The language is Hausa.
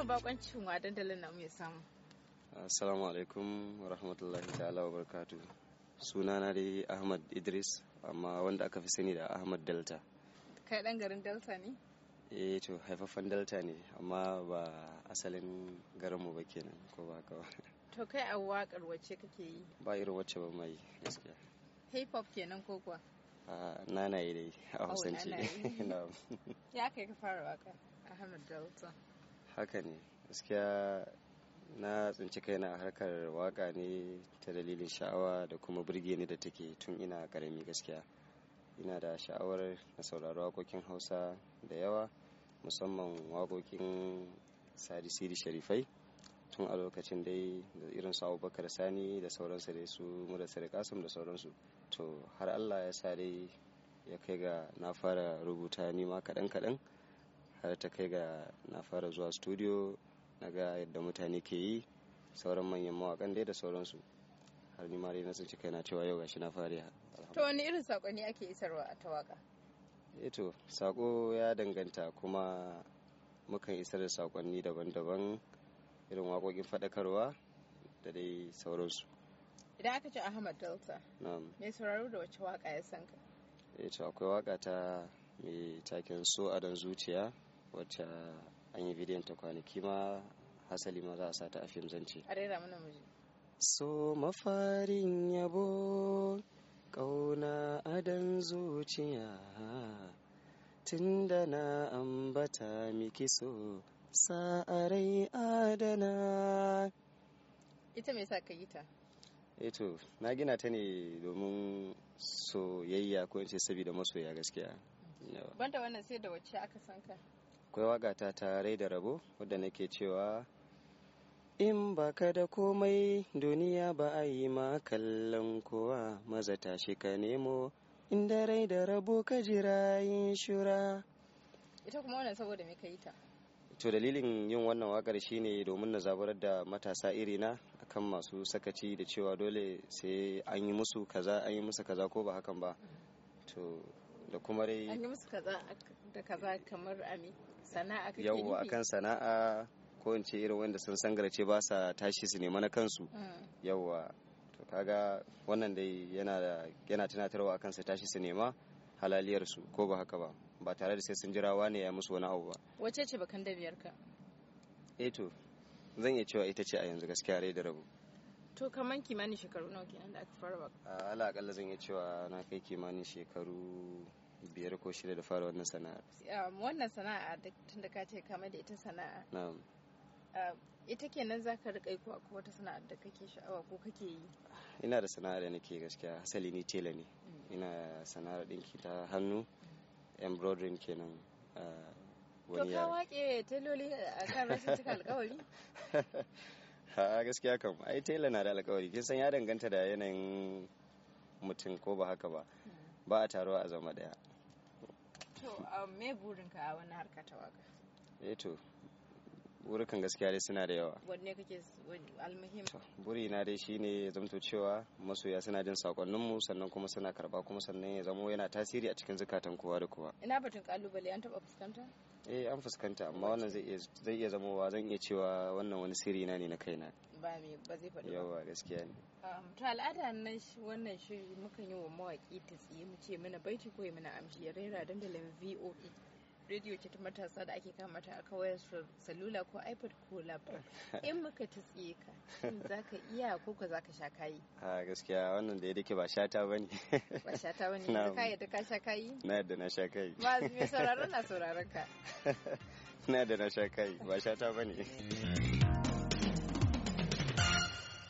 yau bakoncin wa dandalin na ya samu assalamu alaikum wa rahmatullahi ta'ala wa Suna na dai ahmad idris amma wanda aka fi sani da ahmad delta kai dan garin delta ne eh to haifafan delta ne amma ba asalin mu ba kenan ko ba ka ba to kai a wakar wacce kake yi ba irin wacce ba mai gaskiya hip hop kenan ko kuwa yi dai a oh, hausance ya kai ka fara waka ahmad delta haka ne gaskiya na tsinci kaina a harkar waka ne ta dalilin sha'awa da kuma birge ni da take tun ina karami gaskiya ina da sha'awar na saurari waƙoƙin hausa da yawa musamman waƙoƙin sadi sharifai tun a lokacin dai da irin su abubakar sani da sauransu dai su murasar kasum da sauransu to har allah ya sa dai ya kai ga na fara rubuta nima kaɗan-kaɗan har ta kai ga na fara zuwa studio na ga yadda mutane ke yi sauran manyan mawakan dai da sauransu har ni mare dai na tsinci na cewa yau gashi na fara to wani irin ne ake isarwa a tawaka eto eh sako ya danganta kuma mukan isar da sakonni daban-daban irin waƙoƙin faɗakarwa da dai sauransu idan aka ce ahmad delta mai sauraro da wacce waka ya sanka eto eh akwai waka ta mai taken so adon zuciya wacce an yi bidiyon ta kwanaki ma hasali ma za a sata a fim zance a mana so mafarin yabo ƙauna adan zuciya tunda na ambata miki so sa'arai adana ita mai sa ka yi ta eto eh na gina ta ne domin soyayya ko in ce sabida masoya gaskiya banda wannan sai da wacce aka san ka akwai waga ta tare da rabo wadda nake cewa in baka da komai duniya ba a yi ma kallon kowa maza tashi ka nemo inda rai da rabo ka jira yin shura ita kuma wannan saboda me ka ta to dalilin yin wannan wakar shine domin na zaburar da matasa irina kan masu sakaci da cewa dole sai an yi musu kaza an yi musu kaza ko ba hakan ba mm-hmm. to da kuma dai an yi musu kaza da kaza kamar ami sana'a kake yawa akan sana'a ko in ce irin wanda sun sangarce ba sa tashi su nema na kansu mm. yauwa to kaga wannan dai yana da yana tunatarwa akan su tashi su nema halaliyar su ko ba haka ba ba tare da sai sun jira wani ya musu wani abu ba wace ce bakan da ka eh to zan iya cewa ita ce a yanzu gaskiya rai da rabu to kaman kimanin shekaru nawa kenan da aka fara ba ala akalla zan iya cewa na kai kimanin shekaru biyar ko shida da fara wannan sana'ar um, wannan sana'a duk tunda da ka ce kama da ita sana'a na'am um, ita kenan za ka riƙa ko akwai wata sana'ar da kake sha'awa ko kake yi ina da sana'ar da nake gaskiya asali ni tela ne mm. ina sana'ar ɗinki ta hannu mm. embroidering kenan uh, wani ya. to ka wake teloli a kan rashin cika alƙawari? ha gaskiya kam ai tela na da alƙawari kin san ya danganta da yanayin mutum ko ba haka ba mm. ba a taruwa a zama daya to um, me burinka a wani harka ta waka eh wurukan gaskiya dai suna da yawa wanne kake almuhim buri na dai shine ya zamto cewa masoya suna jin sakonnin mu sannan kuma suna karba kuma sannan ya zamo yana tasiri a cikin zukatan kowa da kowa ina batun kalubale an taba fuskanta eh an fuskanta amma wannan zai iya zai iya zamowa zan iya cewa wannan wani sirri na ne na kaina ba me ba zai faɗi yawa gaskiya ne to al'ada nan wannan shiri mukan yi wa mawaki ta tsiye mu ce mana baiti ko ya mana ya rera dandalin VOA rediyo ce ta matasa da ake kama ta a wayar salula ko ipod ko laptop in muka tsiye ka za ka iya ko ka za ka sha kayi a gaskiya wannan da ya dake ba shata bane ba shata bane na kai da ka sha kayi na yadda na sha kayi ba me sauraron na sauraron ka na yadda na sha kayi ba shata bane